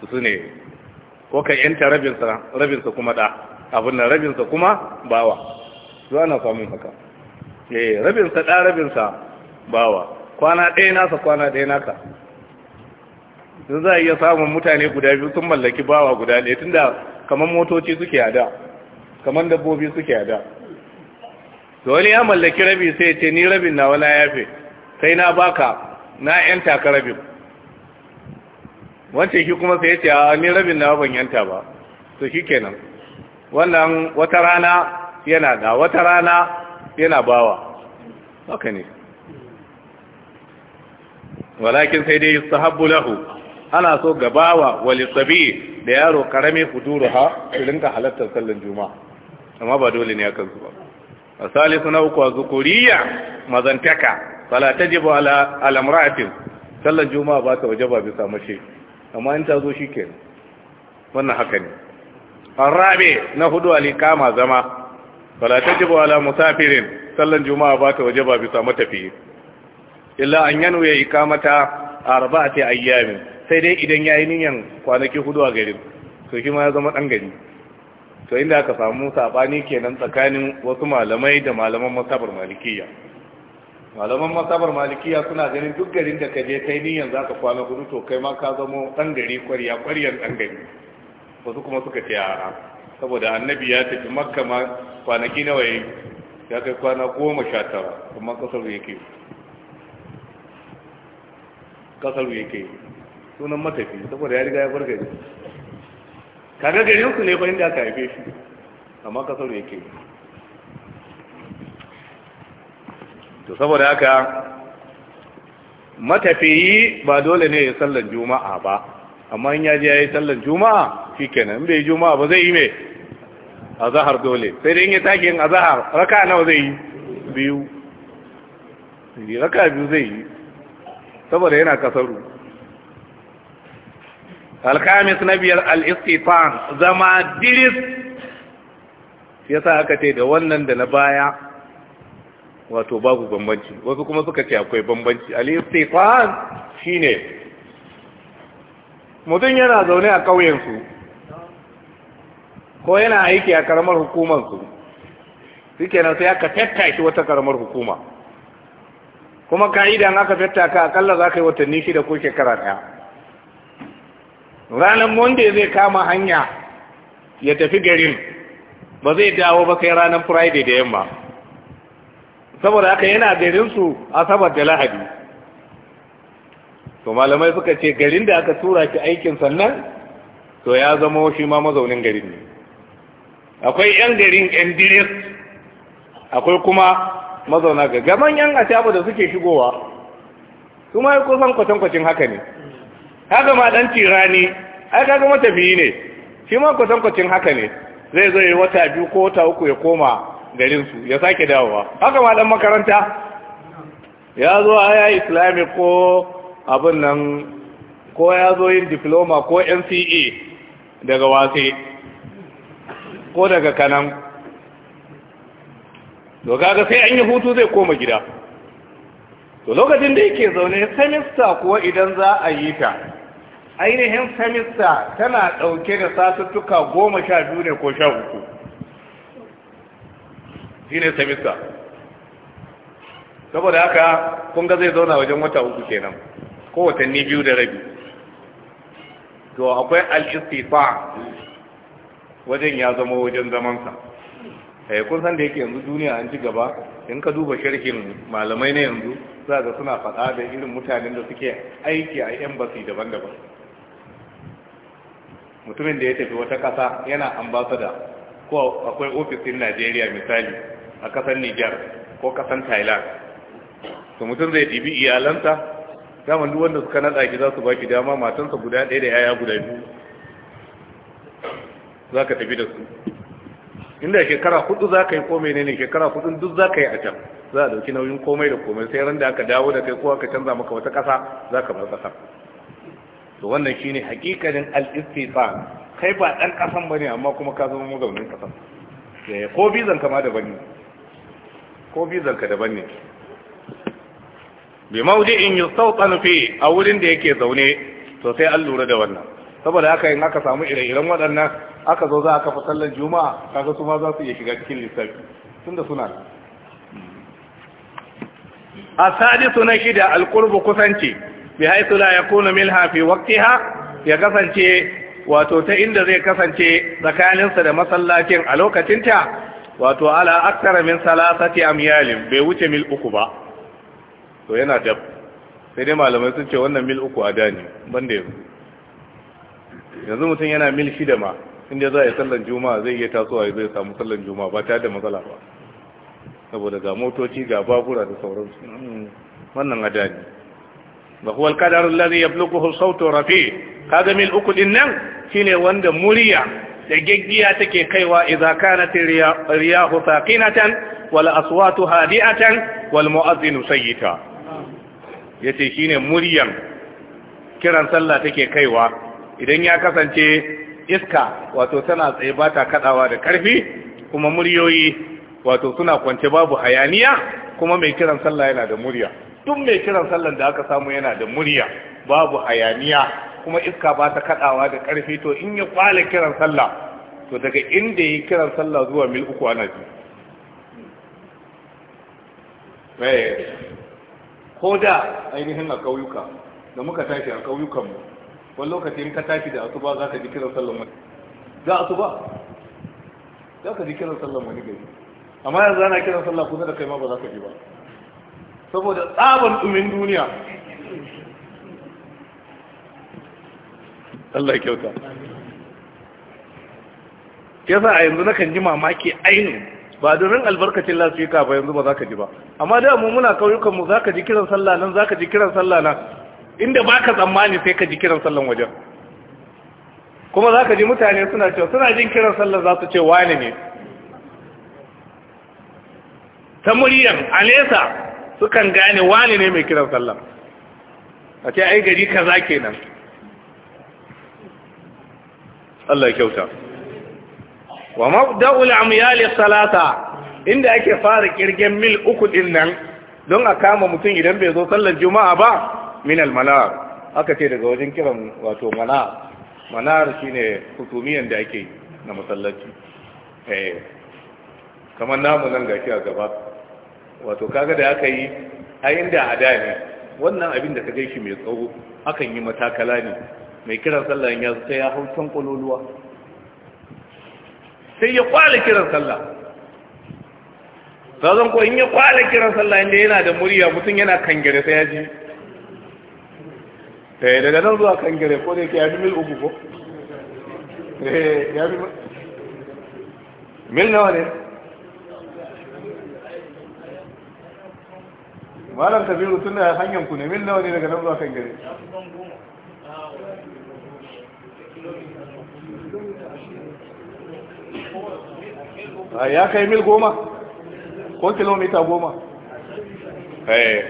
su ne ko ka yanta rabinsa rabinsa kuma da abin da rabinsa kuma bawa su ana samun haka eh rabinsa da rabinsa bawa kwana ɗaya nasa kwana ɗaya naka sun za a iya samun mutane guda biyu sun mallaki bawa guda ɗaya tunda kamar motoci suke a da kamar dabbobi suke a da da wani ya mallaki rabi sai ce ni rabin na wani yafe sai na baka na yanta ka rabin wancan shi kuma sai ce a ni rabin na ban yanta ba to shi kenan wannan wata rana yana da wata rana yana bawa haka ne walakin sai dai sahabbu lahu ana so gabawa walisabi da yaro karami huduruha su rinka halartar sallan juma'a amma ba dole ne akan su ba asalisu na uku zukuriya mazantaka fala tajibu ala al-imra'atin sallan juma'a ba ta wajaba bisa mace amma in ta zo ke wannan haka ne arabe na hudu alikama zama fala tajibu ala musafirin sallan juma'a ba ta wajaba bisa matafi illa an yanwe ikamata arba'ati ayyamin sai dai idan yayi niyan kwanaki hudu a garin to shi ma ya zama dan gari to inda aka samu sabani kenan tsakanin wasu malamai da malaman masabar malikiya malaman masabar malikiya suna ganin duk garin da ka je kai niyan za ka kwana hudu to kai ma ka zamo dan gari kwariya kwaryan ɗan gari wasu kuma suka ce a saboda annabi ya tafi makka ma kwanaki nawa yayi ya kai kwana goma sha tara amma kasar yake kasar yake sunan matafi saboda ya riga ya bar gari kaga garin su ne fa inda aka haife shi amma sauri yake to saboda haka matafiyi ba dole ne ya sallan juma'a ba amma in yaji ya yi sallan juma'a shi kenan bai juma'a ba zai yi mai azahar dole sai dai in yi take yin azahar raka nawa zai yi biyu raka biyu zai yi saboda yana kasaru alkamis na biyar al'istifan zama diris ya sa aka ce da wannan da na baya wato babu bambanci wasu kuma suka ce akwai bambanci al'istifan shi ne mutum yana zaune a ƙauyensu ko yana aiki a karamar hukumansu suke nan sai aka tattashi wata karamar hukuma kuma ka'idan aka tattaka akalla za ka yi watanni shida ko shekara ɗaya ranar monday zai kama hanya ya tafi garin ba zai dawo ba kai ranar friday da yamma saboda haka yana garinsu asabar da lahadi to malamai suka ce garin da aka tura ki aikin sannan to ya zama shi ma mazaunin garin ne akwai 'yan garin 'yan diris akwai kuma mazauna ga gaban 'yan ashabu da suke shigowa kuma ya kusan kwacin-kwacin haka ne kaga ma dan tirani ai kaga matafiyi ne shi ma kusan kucin haka ne zai zo yi wata biyu ko wata uku ya koma garinsu ya sake dawowa haka ma dan makaranta ya zo aya islamic ko abin nan ko ya zo yin diploma ko nce daga wase ko daga kanan to kaga sai an yi hutu zai koma gida to lokacin da yake zaune semester kuwa idan za a yi ta ainihin semester tana ɗauke da satuttuka goma sha biyu ne ko sha uku shi ne semester saboda haka kun ga zai zauna wajen wata uku kenan ko watanni biyu da rabi to akwai fa wajen ya zama wajen zamansa eh, kun san da yake yanzu duniya an ci gaba in ka duba sharhin malamai na yanzu za ga suna faɗa da irin mutanen da suke aiki a embassy daban-daban mutumin da ya tafi wata ƙasa yana ambasada ko akwai ofisin najeriya misali a ƙasar niger ko ƙasar thailand to mutum zai ɗibi iyalansa daman duk wanda suka naɗa ki za su baki dama matansa guda ɗaya da yaya guda biyu za ka tafi da su inda shekara hudu za ka yi ko menene shekara hudu duk za ka yi a can za a dauki nauyin komai da komai sai ran da aka dawo da kai ko aka canza maka wata kasa za ka bar kasa to wannan shine hakikanin al istifan kai ba dan kasan bane amma kuma ka zama mazaunin kasan eh, ko bizan ka ma da ne ko bizan ka da bane bi mawdi'in yustawtanu fi a wurin da yake zaune to sai an lura da wannan saboda haka in aka samu ire-iren waɗannan aka zo za a kafa sallar juma'a kaga su ma za su iya shiga cikin lissafi tunda suna A asadisu na shida alqurbu kusanci bi haythu la yakunu milha fi waqtiha ya kasance wato ta inda zai kasance tsakaninsa da masallacin a lokacinta wato ala aktara min salasati amyalin bai wuce mil uku ba to yana dab sai dai malamai sun ce wannan mil uku a dani banda yanzu yanzu mutum yana mil shida ma inda za a yi sallan juma'a zai iya tasowa zai samu sallan juma'a ba tare da matsala ba saboda ga motoci ga babura da sauransu wannan adadi ba huwa alqadar alladhi yablughu sawtu rafi kaga mil uku din nan shine wanda murya da geggiya take kaiwa idza kanat riyahu saqinatan wal aswatu hadi'atan wal mu'adhdhin sayyita yace shine muryan kiran sallah take kaiwa idan ya kasance iska wato tana tsaye bata ta kadawa da karfi kuma muryoyi wato suna kwance babu hayaniya kuma mai kiran sallah yana da murya duk mai kiran sallan da aka samu yana da murya babu hayaniya kuma iska ba ta kadawa da karfi to in ya kwale kiran sallah to daga inda yi kiran sallah zuwa mil uku ana ji eh, ko da ainihin a ƙauyuka da muka tashi a ƙauyukanmu wani lokaci in ka tashi da asuba za ka ji kiran sallah wani Za asuba za ka ji kiran sallah mani gari amma yanzu ana kiran sallah kusa da kai ma ba za ka ji ba saboda tsaban dumin duniya Allah kyauta yasa a yanzu nakan ji mamaki ainihin ba domin albarkacin lafiya ba yanzu ba za ka ji ba amma da mu muna kauyukanmu za ka ji kiran sallah nan za ka ji kiran sallah nan inda ba ka tsammani sai ka ji kiran sallan wajen kuma za ka ji mutane suna cewa suna jin kiran sallah za su ce wane ne ta muryar a nesa sukan gane wani ne mai kiran sallah a ce ai gari ka za ke nan. Allah ya kyauta wa mabda'ul amyal salata inda ake fara kirgen mil uku din nan don a kama mutum idan bai zo sallar juma'a ba min almanar aka ce daga wajen kiran wato manar manar shine hukumiyan da ake na masallaci eh, kamar namu nan gashi a gaba wato kaga da aka yi a inda a da ne wannan abin da ka gaishe mai tsawo akan yi matakala ne mai kiran sallah ya sai ya hau can kololuwa sai ya kwale kiran sallah sazan ko in ya kwale kiran sallah inda yana da murya mutum yana kangare sai ya ji eh daga nan zuwa kangare ko da yake ya bi mil uku ko eh ya bi mil nawa ne malam kabiru tun da hanyar ku ne mil nawa ne daga nan zuwa kan gari ah, ya kai mil goma ko kilomita goma eh.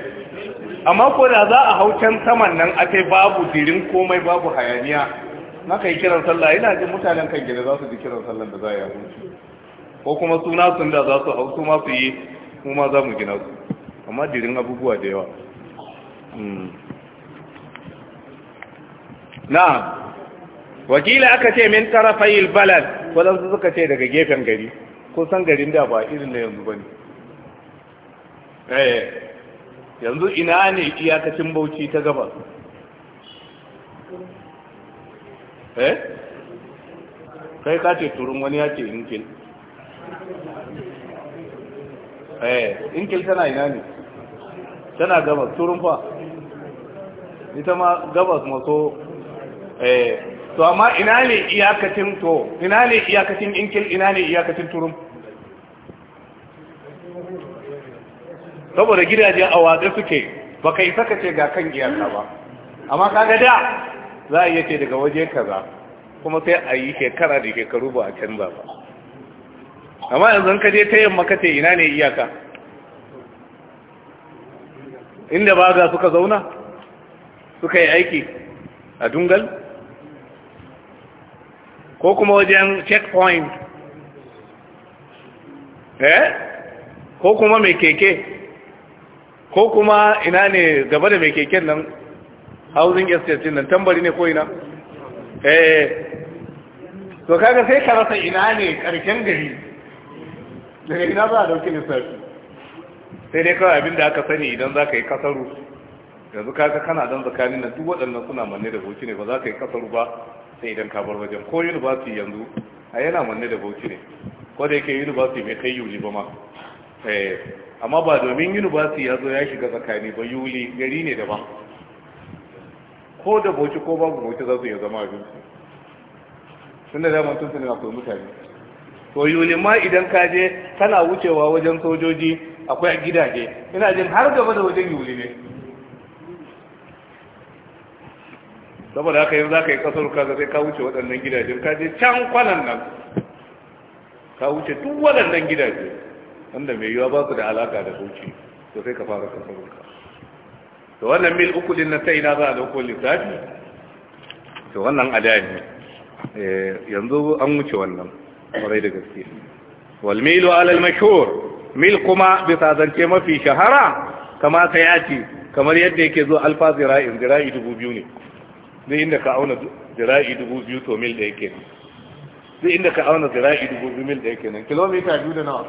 amma ko da za a hau can saman nan a kai babu dirin komai babu hayaniya na kai kiran sallah ina jin mutanen kan gida za su ji kiran sallah da za a yi ko kuma suna sun da za su hau su masu yi mu ma za mu gina su amma dirin abubuwa da yawa hmm. na wakila aka ce min tarafayil balad waɗansu suka ce daga gefen gari ko san garin da ba irin na yanzu ba ne eh, yanzu ina ne iyakacin bauchi ta gabas eh kai ka ce turun wani ya ce inkil eh inkil tana ina ne tana gabas turun fa ita ma gabas maso eh to amma ina ne iyakacin to ina ne iyakacin inkil ina ne iyakacin turun saboda gidaje a watsa suke ba isa saka ce ga kan iyaka ba amma kaga da za a iya ce daga waje kaza kuma sai a yi shekara da shekaru ba a canza ba amma yanzu ka je ta yamma kace, ina ne iyaka inda baga suka zauna suka yi aiki a dungal ko kuma wajen checkpoint eh ko kuma mai keke ko kuma ina ne gaba da mai keken nan housing estate nan tambari ne ko ina eh to kaga sai ka rasa ina ne karken gari daga ina za a dauki lissafi sai dai kawai abin da aka sani idan za ka yi kasaru yanzu kaka kana dan tsakanin na duk waɗannan suna manne da bauchi ne ba za ka yi kasaru ba sai idan ka bar wajen ko university yanzu a yana manne da bauchi ne ko da yake university mai kai yuli ba ma eh, amma ba domin university ya zo ya shiga tsakani ba yuli gari ne daban ko da bauchi ko babu bauchi za su iya zama abin su da zaman tun suna akwai mutane to yuli ma idan ka je kana wucewa wajen sojoji akwai a gidaje ina jin har gaba da wajen yuli ne saboda haka yin za ka yi kasar kaga sai ka wuce waɗannan gidajen ka je can kwanan nan ka wuce duk waɗannan gidaje wanda mai yiwa ba su da alaka da sauci to sai ka fara kasar ka to wannan mil uku din na sai na za a dauko lissafi to wannan adaya ne eh, yanzu an wuce wannan kwarai da gaske wal milu alal mashhur mil kuma bisa zance mafi shahara kama yaci. kamar yadda yake zo alfa zira'in zira'i dubu biyu ne zai inda ka auna zira'i dubu biyu to mil da yake nan zai inda ka auna zira'i dubu biyu mil da yake nan kilomita biyu da nawa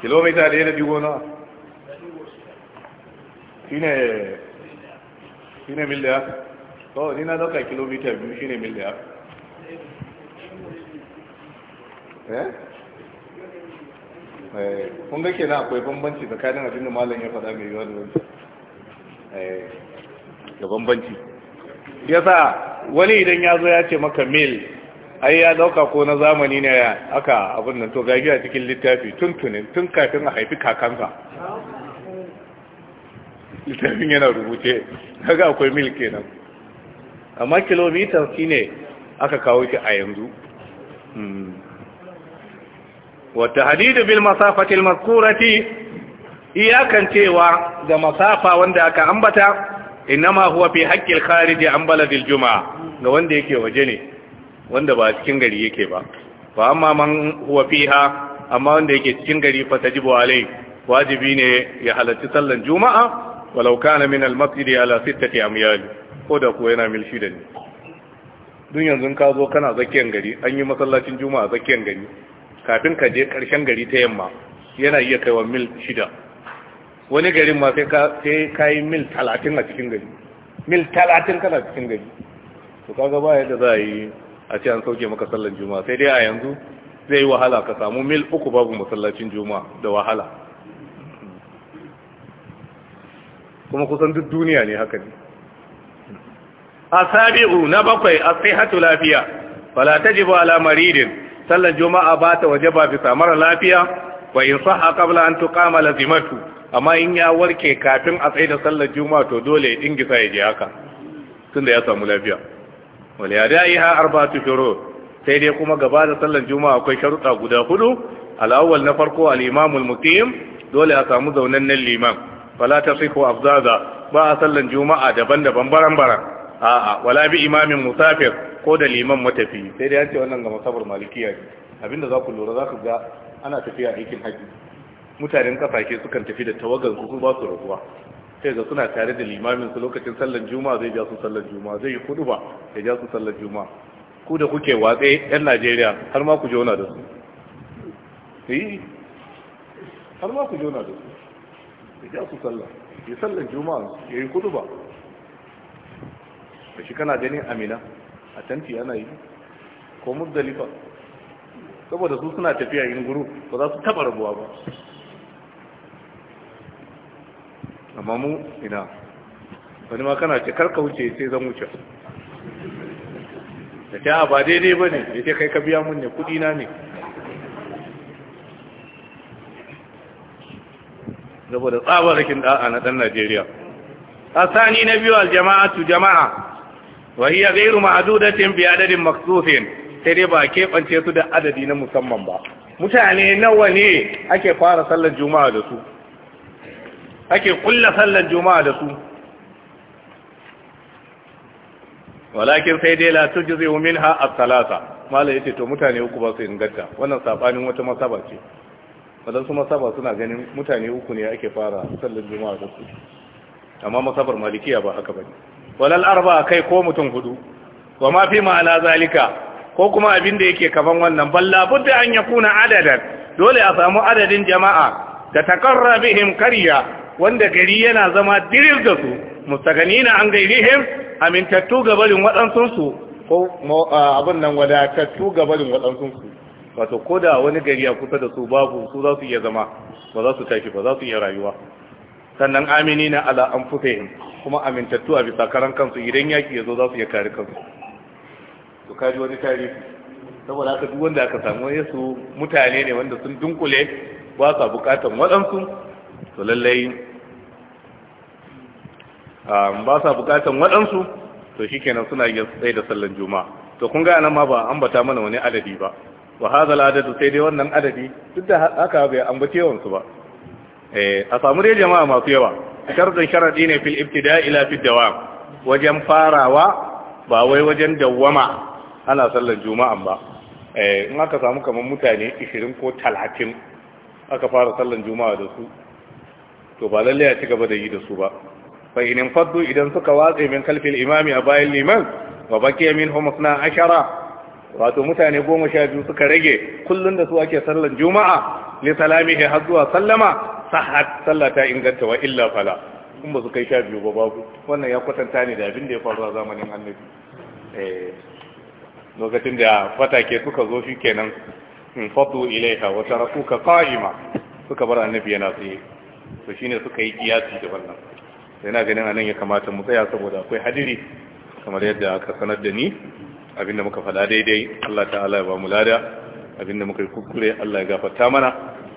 kilomita da yana dubu nawa shine shine mil da ya to ni na dauka kilomita biyu shine mil da ya Eh? Eh, kun ga kenan akwai bambanci tsakanin abin da malam ya faɗa mai yiwa da wancan eh, da bambanci ya sa wani idan ya zo ya ce maka mil ai ya dauka ko na zamani ne ya aka abin nan to gagi a cikin littafi tun tunin tun kafin a haifi kakansa littafin yana rubuce daga akwai mil kenan amma kilomita shi ne aka kawo shi a yanzu hmm. Wata والتحديد بالمسافة المذكورة iyakan cewa da masafa wanda aka ambata innama huwa fi haqqil kharij an baladil jumaa ga wanda yake waje ne wanda ba cikin gari yake ba Ba amma man huwa fiha amma wanda yake cikin gari fa tajibu alai wajibi ne ya halarci sallan juma'a walau kana min al-masjid ala sittati amyal ko da kuwa yana mil shida ne dun yanzu ka zo kana zakiyan gari an yi masallacin juma'a zakiyan gari kafin ka je ƙarshen gari ta yamma yana iya kaiwa mil shida wani garin ma sai ka yi mil talatin a cikin gari mil talatin kana cikin gari to kaga ba yadda za a yi a ce an sauke maka sallan juma'a sai dai a yanzu zai yi wahala ka samu mil uku babu masallacin juma'a da wahala kuma kusan duk duniya ne haka ne asabi'u na bakwai asihatu lafiya ta tajibu ala maridin sallan juma'a ba ta waje ba bisa mara lafiya wa in sahha qabla an tuqama lazimatu amma in ya warke kafin a tsaye da sallar juma'a to dole ya dingisa ya je haka da ya samu lafiya yi yadaiha arba'atu shurut sai dai kuma gaba da sallar juma'a akwai sharuɗa guda hudu al'awwal na farko a limamul muqim dole a samu zaunannen liman fala tasihu afzaza ba a sallar juma'a daban-daban baran-baran a'a wala bi imamin musafir ko da liman matafi sai dai an ce wannan ga musafir malikiya ne abinda za ku lura za ku ga ana tafiya aikin haji mutanen kafashe sukan tafi da tawagar ku ba su rabuwa sai ga suna tare da limamin su lokacin sallar juma'a zai ja su sallar juma'a zai yi hudu ba ya ja su sallar juma'a ku da kuke watsa yan Najeriya har ma ku jona da su eh har ma ku jona da su ya ja su sallar ya sallar juma'a ya yi hudu ba da shi kana ganin amina a tanti ana yi ko muddalifa saboda su suna tafiya yin guru ba za su taba rabuwa ba amma mu ina wani ma kana ce karka wuce sai zan wuce da ta ba daidai ba ne ya ce kai ka biya mun ne kudina ne saboda rikin da'a na ɗan najeriya tsasani na biyu aljama'atu jama'a wa hiya ghayru ma'dudatin bi adadin maksusin sai dai ba keɓance su da adadi na musamman ba mutane nawa ne ake fara sallar juma'a da su ake kulla sallar juma'a da su walakin sai dai la tujzi minha as-salasa mala yace to mutane uku ba su inganta wannan sabanin wata masaba ce wadansu masaba suna ganin mutane uku ne ake fara sallar juma'a da su amma masabar malikiya ba haka bane walal arba kai ko mutum hudu wa ma fi ma'ana zalika ko kuma abin da yake kaman wannan balla la budda an yakuna adadan dole a samu adadin jama'a da takarra bihim qarya wanda gari yana zama diril da su mustaganina an gairihim amintattu gabarin wadansun su ko abin nan wadatattu gabarin wadansun su wato koda wani gari a kusa da su babu su za su iya zama ba za su tashi ba za su iya rayuwa sannan aminina ala anfusihim kuma amintattu a bisa karan kansu idan yaki ya zo za su iya kare kansu to kaji wani tarihi saboda haka duk wanda aka samu yasu mutane ne wanda sun dunkule ba sa bukatan waɗansu to lallai ba sa bukatan waɗansu to shikenan suna yin tsaye da sallan juma'a to kun ga anan ma ba ambata mana wani adadi ba wa hadha adadu sai dai wannan adadi duk da haka bai ambace wansu su ba eh a samu dai jama'a masu yawa sharadin sharadi ne fil ibtida'i ila fil dawam wajen farawa ba wai wajen dawwama ana sallar juma'an ba eh in aka samu kaman mutane 20 ko 30 aka fara sallar juma'a da su to ba lalle ya ci gaba da yi da su ba fa in faddu idan suka watse min kalfil imami a bayan liman wa baqiya minhum 12 wato mutane goma sha biyu suka rage kullum da su ake sallan juma'a li salamihi har zuwa sallama sahat sallah ta inganta wa illa fala kun ba su kai sha biyu ba babu wannan ya kwatanta ne da abin da ya faru a zamanin annabi eh, lokacin da ke suka zo shi kenan in fadu ilaiha wa tarakuka qa'ima suka bar annabi yana tsaye to shine suka yi kiyasi da wannan sai na ganin anan ya kamata mu tsaya saboda akwai hadiri kamar yadda aka sanar da ni abinda muka faɗa daidai Allah ta'ala ya ba mu lada abinda muka yi kukure Allah ya gafarta mana